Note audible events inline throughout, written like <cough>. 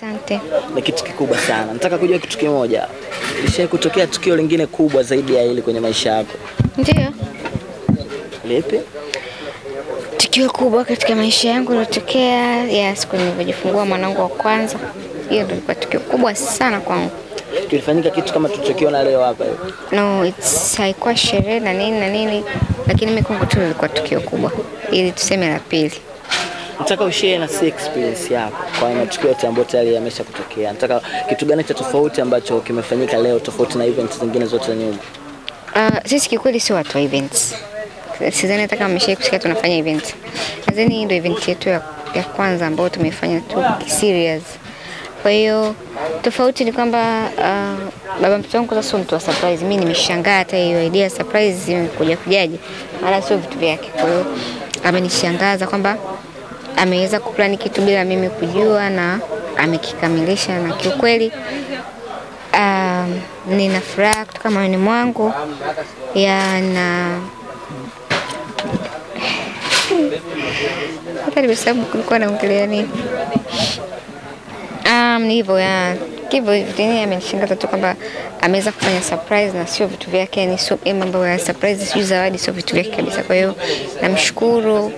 Asante. Ni kitu kikubwa sana. Nataka kujua kitu kimoja, lishawahi kutokea tukio lingine kubwa zaidi ya hili kwenye maisha yako? Ndio. Lipi? Tukio kubwa katika maisha yangu lilotokea ya siku nilipojifungua mwanangu wa kwanza. Hiyo ndio ilikuwa tukio kubwa sana kwangu. Kilifanyika kitu kama tulichokiona leo hapa No, it's haikuwa sherehe na nini na nini, lakini mimi kwangu tu ilikuwa tukio kubwa, ili tuseme la pili nataka ushare na si experience yako kwa matukio yote ambayo tayari yamesha kutokea. Nataka kitu gani cha tofauti ambacho kimefanyika leo tofauti na events zingine zote za nyuma? Uh, sisi kikweli sio watu wa events. Sidhani hata kama mmeshai kusikia tunafanya events. Nadhani ndio event yetu ya, ya kwanza ambayo tumefanya tu serious. Kwa hiyo tofauti ni kwamba uh, baba mtoto wangu sasa mtu wa surprise. Mimi nimeshangaa hata hiyo idea surprise imekuja kujaje, mara sio vitu vyake. Kwa hiyo amenishangaza kwamba ameweza kuplani kitu bila mimi kujua na amekikamilisha, na kiukweli um, nina furaha kutoka moyoni mwangu ya na hata nimesahau kulikuwa naongelea nini. Naam, ni hivyo ya Kivu Vitini amenishangaza tu kwamba ameweza kufanya surprise na sio vitu vyake, yani sio mambo ya surprise, sio zawadi, sio vitu vyake kabisa. Kwa hiyo namshukuru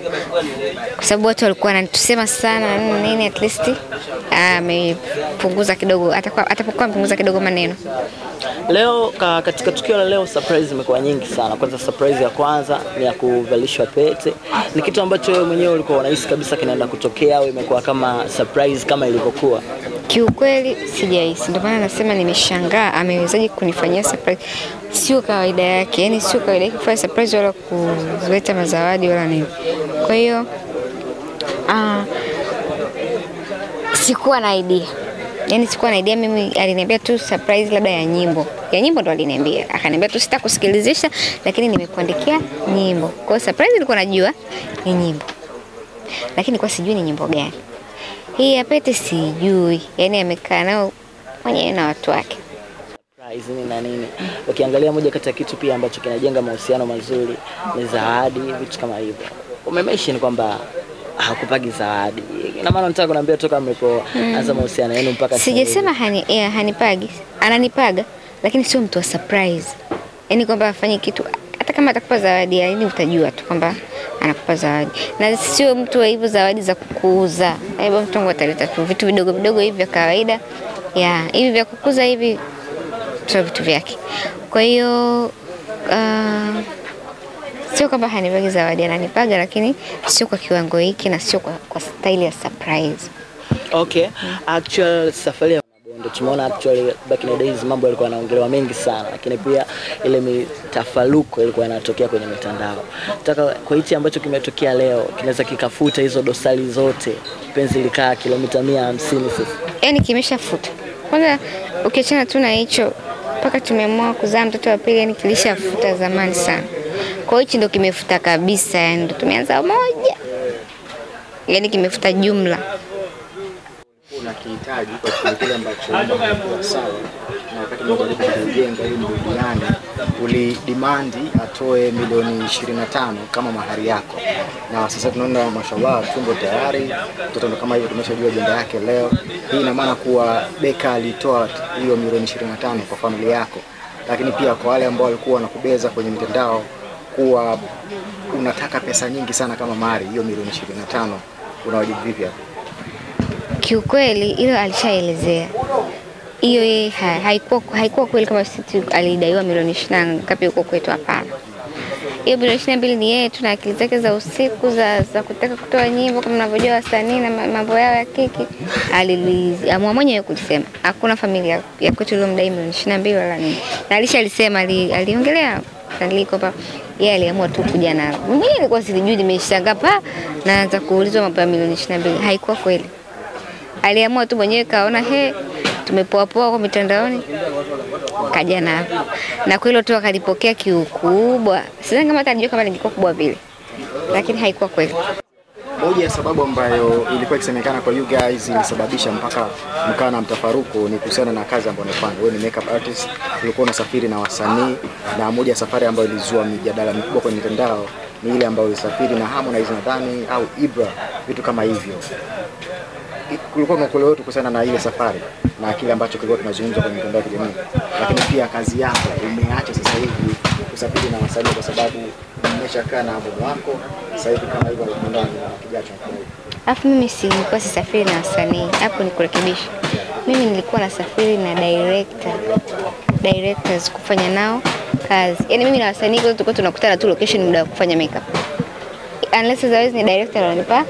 kwa sababu watu walikuwa wanatusema sana mm, nini, at least ah, amepunguza kidogo, atakuwa atapokuwa amepunguza kidogo maneno Leo ka, katika tukio la leo surprise imekuwa nyingi sana. Kwanza surprise ya kwanza ni ya kuvalishwa pete, ni kitu ambacho wewe mwenyewe ulikuwa unahisi kabisa kinaenda kutokea au imekuwa kama surprise kama ilivyokuwa? Kiukweli sijahisi, ndio maana nasema nimeshangaa, amewezaje kunifanyia surprise. Sio kawaida yake, yani sio kawaida yake kufanya surprise wala kuleta mazawadi wala nini. Kwa hiyo uh, sikuwa na idea yani sikuwa na idea mimi, aliniambia tu surprise labda ya nyimbo ya nyimbo ndo aliniambia, akaniambia tu sitakusikilizisha, lakini nimekuandikia nyimbo. Kwa hiyo surprise nilikuwa najua ni nyimbo, lakini kwa sijui ni nyimbo gani hii ya Pete sijui, yani amekaa nao mwenyewe na watu wake surprise na nini. Ukiangalia moja kati ya kitu pia ambacho kinajenga mahusiano mazuri ni zawadi, vitu kama hivyo. Umemention kwamba hakupagi zawadi. Na maana nataka kuniambia toka mlipo mm. anza mahusiano yenu mpaka sijasema hani, yeah, hanipagi ananipaga, lakini sio mtu wa surprise, yani kwamba afanye kitu hata kama atakupa zawadi, yani utajua tu kwamba anakupa zawadi, na sio mtu wa hivyo zawadi za kukuuza. Hebu mtu wangu ataleta tu vitu vidogo vidogo hivi vya kawaida ya hivi vya kukuza hivi, sio vitu vyake. Kwa hiyo uh, Sio kwamba hanipagi zawadi, ananipaga lakini sio kwa kiwango hiki na sio kwa, kwa style ya surprise. Okay, hmm. actual safari ya Mabondo tumeona actually back in the days mambo yalikuwa yanaongelewa mengi sana, lakini pia ile mitafaruko ilikuwa inatokea kwenye mitandao. Nataka kwa hichi ambacho kimetokea leo kinaweza kikafuta hizo dosari zote, penzi likaa kilomita 150 sasa, yani kimeshafuta kwanza. Ukiachana tu na hicho, mpaka tumeamua kuzaa mtoto wa pili, yani kilishafuta zamani sana. Kwa hiyo hichi ndo kimefuta kabisa, yani ndio tumeanza moja, yani kimefuta jumla unakihitaji kwa kile ambacho sawa wakati unajaribu kujenga hiyo ulidimandi atoe milioni 25 kama mahari yako, na sasa tunaona mashallah, tumbo tayari, mtoto ndo kama hivyo, tumeshajua ajenda yake leo. Hii ina maana kuwa Beka alitoa hiyo milioni 25 kwa familia yako, lakini pia kwa wale ambao walikuwa wanakubeza kwenye mitandao kuwa unataka pesa nyingi sana kama mahari hiyo milioni ishirini na tano unawajibu vipi hapo? Kiukweli hilo alishaelezea hiyo yeye ha, haikuwa haikuwa kweli kama sisi alidaiwa milioni 20 ngapi huko kwetu, hapana. Hiyo milioni 22 ni yeye tu na akili zake za usiku za, za kutaka kutoa nyimbo kama mnavyojua wasanii na mambo yao ya kiki, aliamua mwenyewe kujisema. Hakuna familia ya kwetu iliyomdai milioni 22 wala nini, na alisha alisema aliongelea ali aliko hapa, yeye aliamua tu kuja nalo. Mimi nilikuwa sijui, nimeshanga pa na anza kuulizwa mambo ya milioni ishirini na mbili. Haikuwa kweli, aliamua tu mwenyewe, kaona he, tumepoapoa kwa mitandaoni, kaja nalo na kwa hilo tu akalipokea kiukubwa. Sidhani kama hata alijua kama ningekuwa kubwa vile, lakini haikuwa kweli. Moja ya sababu ambayo ilikuwa ikisemekana kwa you guys ilisababisha mpaka mkawa na mtafaruku ni kuhusiana na kazi ambayo unafanya wewe, ni makeup artist, ulikuwa unasafiri na wasanii, na moja ya safari ambayo ilizua mijadala mikubwa kwenye mitandao ni ile ambayo ulisafiri na Harmonize nadhani au Ibra, vitu kama hivyo. Kulikuwa na ukweli wetu kuhusiana na ile safari na kile ambacho kilikuwa kinazungumzwa kwenye mitandao ya kijamii, lakini pia kazi yako umeacha sasa hivi usafiri na wasanii, kwa sababu umeshakaa na albamu wako sasa hivi kama hivyo anakuandaa na kijacho Alafu mimi si nilikuwa sisafiri na wasanii, hapo ni kurekebisha. Mimi nilikuwa nasafiri na director, directors kufanya nao kazi. Yani mimi na wasanii kwa tulikuwa tunakutana tu location muda wa kufanya makeup. Unless as always ni director ananipa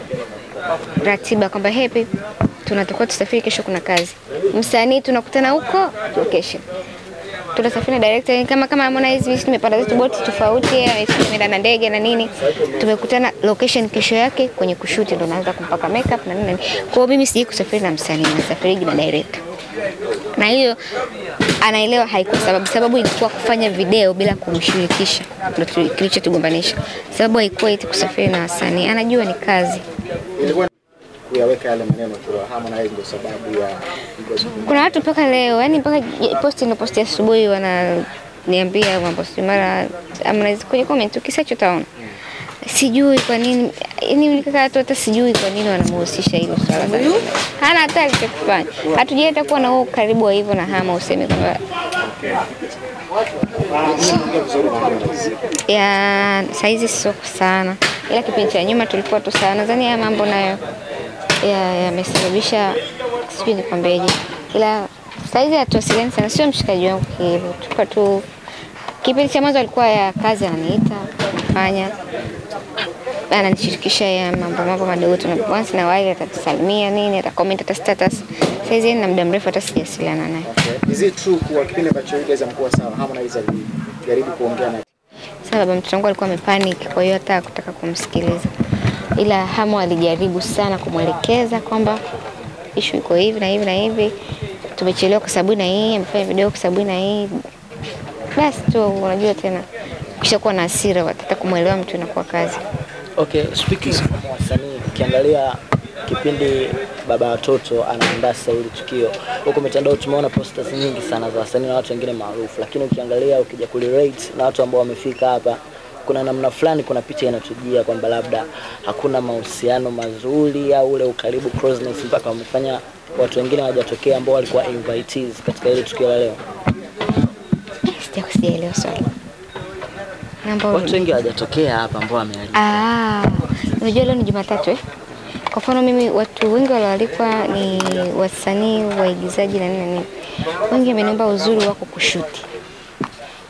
ratiba kwamba hey, tunatakiwa tusafiri kesho, kuna kazi. Msanii tunakutana huko location tunasafiri director kama kama Harmonize mimi nimepanda zetu boti tofauti, ameenda eh, na ndege na nini, tumekutana location kesho yake kwenye kushuti, ndo naanza kumpaka makeup na nini. Kwa mimi sije kusafiri na msanii, na safari na director na hiyo anaelewa haiko sababu. Sababu ilikuwa kufanya video bila kumshirikisha, ndio kilichotugombanisha. Sababu haikuwa eti kusafiri na wasanii, anajua ni kazi kuyaweka yale maneno kwa Harmonize ndio sababu ya Kuna watu mpaka leo, yani mpaka posti niliposti asubuhi wana niambia mambo si mara Harmonize kwenye comment ukisearch utaona. Hmm. Sijui kwa nini yani nikakaa tu, hata sijui kwa nini wanamhusisha hilo swala sana. Hana hata alichokifanya. Hatujaenda kuwa na huo karibu wa hivyo na Hama useme kwamba ya saizi soko sana, ila kipindi cha nyuma tulikuwa tu sana, Nadhani ya mambo nayo yamesababisha sijui nikwambeje, ila saizi hatuwasiliani sana, sio mshikaji wangu hivyo, tuko tu kipindi cha mwanzo alikuwa ya kazi ananiita kufanya ananishirikisha ya mambo mambo madogo tu, once na wale atatusalimia nini, atacomment ata status. Saizi na muda mrefu hata sijasiliana naye. Okay. Is it true kuwa kipindi ambacho za mkuu sawa, Harmonize alijaribu kuongea naye? Sababu mtoto wangu alikuwa amepanic, kwa hiyo hata kutaka kumsikiliza ila Hamu alijaribu sana kumwelekeza kwamba ishu iko hivi na hivi na hivi, tumechelewa kwa sababu na hii, amefanya video kwa sababu na hii. Basi tu unajua tena, kuwa na hasira hata kumwelewa mtu inakuwa kazi. Okay, speaking wasanii, ukiangalia kipindi baba watoto anaandaa sasa hili tukio, huko mitandao tumeona posters nyingi sana za wasanii na watu wengine maarufu, lakini ukiangalia ukija kulirate na watu ambao wamefika hapa kuna namna fulani, kuna picha inatujia kwamba labda hakuna mahusiano mazuri au ule ukaribu closeness mpaka wamefanya watu wengine hawajatokea ambao walikuwa invitees katika ile tukio la leo? Sijakusielewa swali. Watu wengi hawajatokea hapa ambao wamealikwa. Ah, unajua leo ni Jumatatu eh? Kwa mfano mimi watu wengi walioalikwa ni wasanii, waigizaji na nini na nini, wengi wameniomba uzuri wako kushuti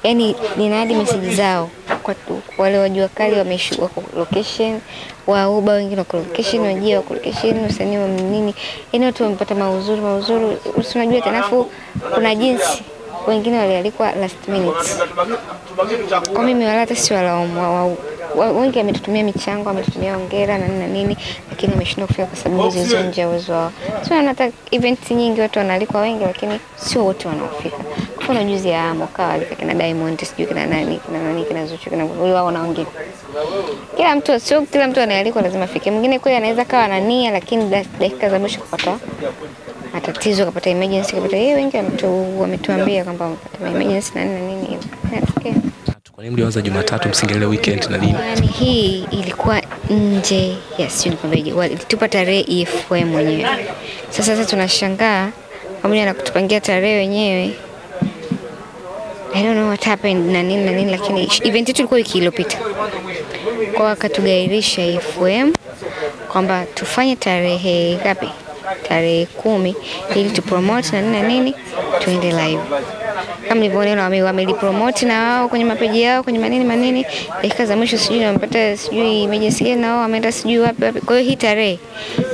yani nina hadi meseji zao kwa wale wajua kali wameshuka kwa location, wa uba wengine kwa location, wajia kwa location, usanii wa nini, yani watu wamepata mauzuri mauzuri, usinajua tena. Afu kuna jinsi wengine walialikwa last minute. Kwa mimi wala hata si wala wa wengi ametutumia michango, ametutumia ongera na nini na nini, lakini wameshindwa kufika kwa sababu zilizo nje ya uwezo wao. Sio hata event nyingi watu wanaalikwa wengi, lakini sio wote wanaofika mfano juzi ya Mokawa alika kina Diamond, sijui kina nani kina nani kina Zuchu kina huyo, wao na wengine. Kila mtu sio kila mtu anayealikwa lazima afike. Mwingine kweli anaweza kawa na nia, lakini dakika za mwisho kupata matatizo, kapata emergency, kapata yeye. Wengi wametuambia kwamba kapata emergency na nini na nini hivyo. Kwa nini mlianza Jumatatu msingelele weekend na nini? Yaani hii ilikuwa nje ya sio nikwambieje, walitupa tarehe EFM mwenyewe. Sasa sasa tunashangaa pamoja na kutupangia tarehe wenyewe I don't know what happened na nini na nini, lakini event yetu ilikuwa wiki iliyopita, kwa wakatugairisha FM kwamba tufanye tarehe ngapi, tarehe kumi ili tupromote na nini na nini, tuende live kama nilivyoona wame wamelipromote na wao kwenye mapeji yao kwenye manini manini, dakika za mwisho sijui wamepata sijui emergency gani, na wao wameenda sijui wapi wapi. Kwa hiyo hii tarehe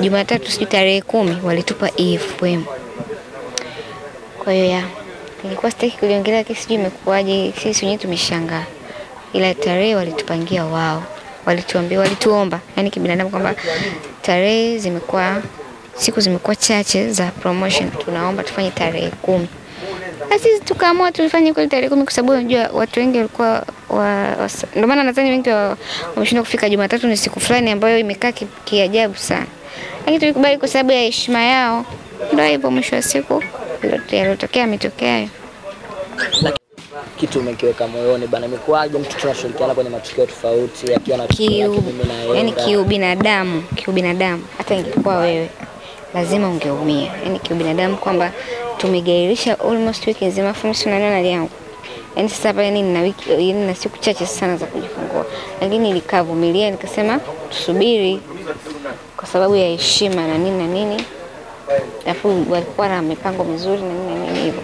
Jumatatu, sijui tarehe kumi walitupa EFM. Kwa hiyo ya yeah nilikuwa sitaki kuliongelea lakini sijui imekuwaje. Sisi wenyewe tumeshangaa, ila tarehe walitupangia wao, walituambia, walituomba yani kibinadamu kwamba tarehe zimekuwa siku zimekuwa chache za promotion, tunaomba tufanye tarehe kumi. Na sisi tukaamua tulifanye kweli tarehe kumi kwa sababu unajua watu wengi walikuwa wa, wa, ndio maana nadhani wengi wameshindwa wa kufika. Jumatatu ni siku fulani ambayo imekaa kiajabu ki sana, lakini tulikubali kwa sababu ya heshima yao. Ndio hivyo, mwisho wa siku yaliyotokea yametokea. Kitu umekiweka moyoni bana, imekuwaje? Mtu tunashirikiana kwenye matukio tofauti, akiwa na yani kiu binadamu, kiu binadamu, hata ingekuwa wewe lazima ungeumia, yani kiu binadamu, kwamba tumegairisha almost wiki nzima, afu mimi sina neno yangu yani sasa hapa yani nina wiki yani na siku chache sana za kujifungua, lakini nikavumilia, nikasema tusubiri kwa sababu ya heshima na nini na nini alafu walikuwa na mipango mizuri na nini nini hivyo,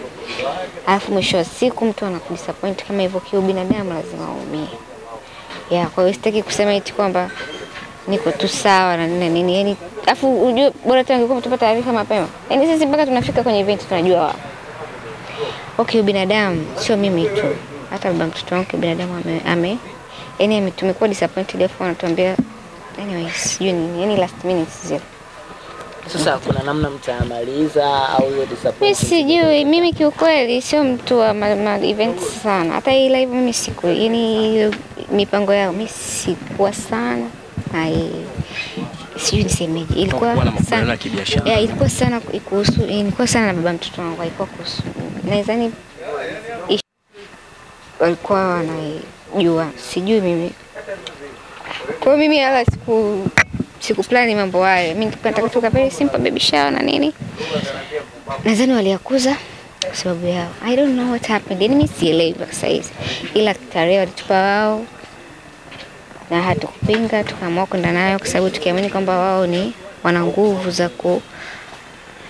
alafu mwisho wa siku mtu anakudisappoint kama hivyo, Kiu binadamu lazima aumie. Yeah, Kwa hiyo sitaki kusema eti kwamba niko tu sawa na nini nini, yani Alafu unajua bora tena ungekuwa mtupa taarifa mapema. Yani sisi mpaka tunafika kwenye event tunajua wao. Okay, binadamu sio mimi tu, hata baba mtoto wangu binadamu ame, ame yani ametumekuwa disappointed, alafu anatuambia anyways, sijui nini, yani last minute zero sasa kuna namna mtamaliza au hiyo disappointment? Sijui, mimi kiukweli sio mtu wa ma, ma events sana, hata hii live mimi siku, yani mipango yao mi sikuwa sana hai sijui nisemeje, ilikuwa sana ya, ilikuwa sana kuhusu, ilikuwa sana na baba mtoto wangu, ilikuwa kuhusu nadhani walikuwa wanajua, sijui mimi kwa mimi hala siku sikuplani mambo hayo. Mimi nataka kutoka very simple baby shower na nini, nadhani waliyakuza kwa sababu yao. I don't know what happened, yani mimi sielewi mpaka sasa hivi, ila tarehe walitupa wao na hatukupinga, tukaamua kwenda nayo kwa sababu tukiamini kwamba wao ni wana nguvu za ku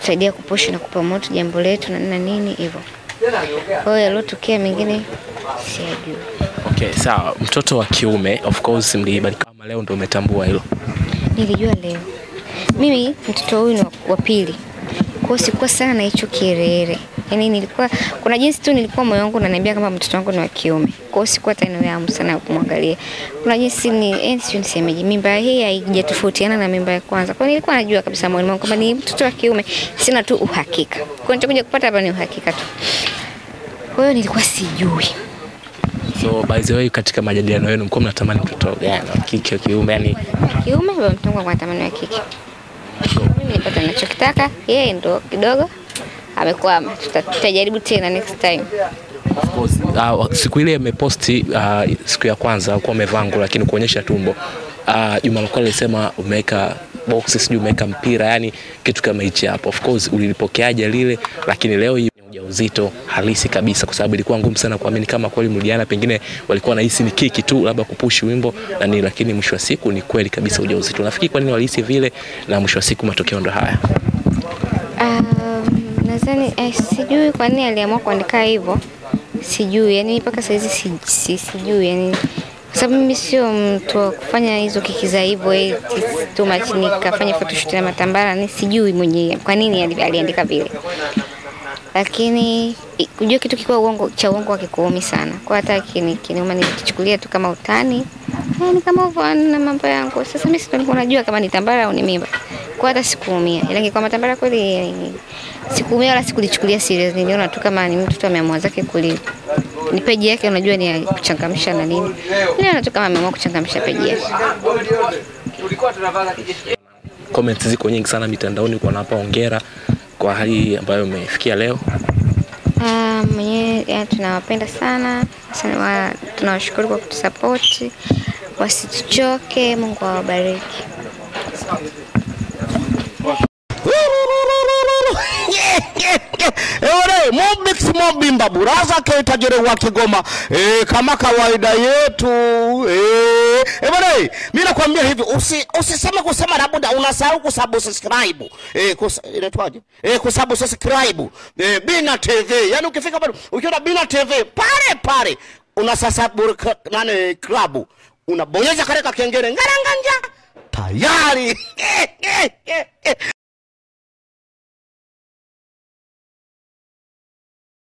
saidia kuposhi na kupromote jambo letu na nina nini hivyo. Kwa hiyo yaliyotokea mengine siyajui. Okay, sawa. Mtoto wa kiume of course mlibarikiwa, leo ndio umetambua hilo? nilijua leo. Mimi mtoto huyu ni wa pili, kwa sikuwa sana na hicho kielele. Yaani nilikuwa kuna jinsi tu nilikuwa moyo wangu unaniambia kama mtoto wangu ni wa kiume. Kwa hiyo sikuwa hata inaweamu sana kumwangalia. Kuna jinsi ni ensi eh, nisemeje, mimba hii haijatofautiana na mimba ya kwanza. Kwa nilikuwa najua kabisa moyo wangu kwamba ni mtoto wa kiume, sina tu uhakika. Kwa nitakuja kupata hapa ni uhakika tu. Kwa hiyo nilikuwa sijui. So by the way, katika majadiliano yenu mko mnatamani mtoto gani, wa kike wa kiume? Yani kiume ndio mtungu wangu anatamani ya kike. Mimi nipata ninachokitaka, yeye ndo kidogo amekwama, tutajaribu tena next time. Of course, uh, siku ile ameposti uh, siku ya kwanza alikuwa amevaa nguo lakini kuonyesha tumbo. Uh, Juma Lokole alisema umeweka boxes, sijui umeweka mpira, yani kitu kama hichi hapo. Of course ulilipokeaje lile, lakini leo uzito halisi kabisa, kwa sababu ilikuwa ngumu sana kuamini kama kweli Mludiana pengine walikuwa nahisi ni kiki tu labda kupushi wimbo na nini, lakini mwisho wa siku ni kweli kabisa ujauzito. Nafikiri kwa nini walihisi vile, na mwisho wa siku matokeo ndo haya. Um, nadhani eh, sijui kwa nini aliamua kuandika hivyo, sijui yani mpaka saizi si, si, sijui yani kwa sababu mimi sio mtu wa kufanya hizo kiki za hivyo eti eh, tu machini kafanya photoshoot na matambara, ni sijui mwenyewe kwa nini aliandika vile lakini kujua kitu kikuwa uongo cha uongo hakikuumi sana, kwa hata kini kiniuma nilikichukulia tu kama utani eh, ni kama hivyo na mambo yangu. Sasa mimi sio nilikuwa najua kama ni tambara au ni mimba, kwa hata sikuumia, ila yaani ingekuwa matambara kweli sikuumia wala sikulichukulia serious. Niliona tu kama ni mtu tu ameamua zake kuli ni peji yake, unajua ni kuchangamsha na nini. Niliona tu kama ameamua kuchangamsha peji yake. Comments ziko nyingi sana mitandaoni kwa napa ongera kwa hali ambayo umefikia leo? Uh, ah, mwenyewe tunawapenda sana sana, tunawashukuru kwa kutusapoti, wasituchoke. Mungu awabariki. yake ore mubix mobimba buraza keitajere wa Kigoma e, kama kawaida yetu e, e, bwana mimi nakwambia hivi usi, usiseme kusema labda unasahau kusubscribe e, kus, inaitwaje e, kusubscribe e, Bina TV yani ukifika bado ukiona Bina TV pale pale una nane club klabu unabonyeza kareka kengere ngaranganja tayari <laughs> e, e, e,